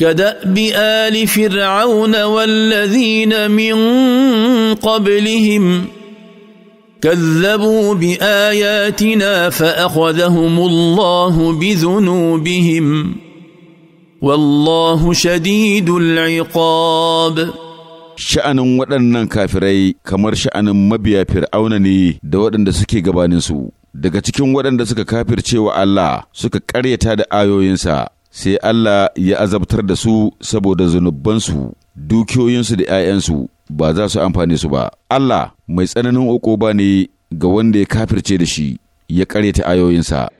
كداب ال فرعون والذين من قبلهم كذبوا باياتنا فاخذهم الله بذنوبهم والله شديد العقاب sha'anin waɗannan kafirai kamar sha'anin mabiya fir'auna ne da waɗanda suke gabaninsu daga cikin waɗanda suka kafircewa Allah suka ƙaryata da ayoyinsa sai Allah ya azabtar da su saboda zunubansu dukiyoyinsu da ‘ya'yansu ba za su amfani su ba. Allah mai tsananin ba ne ga wanda ya kafirce da shi ya ta ayoyinsa.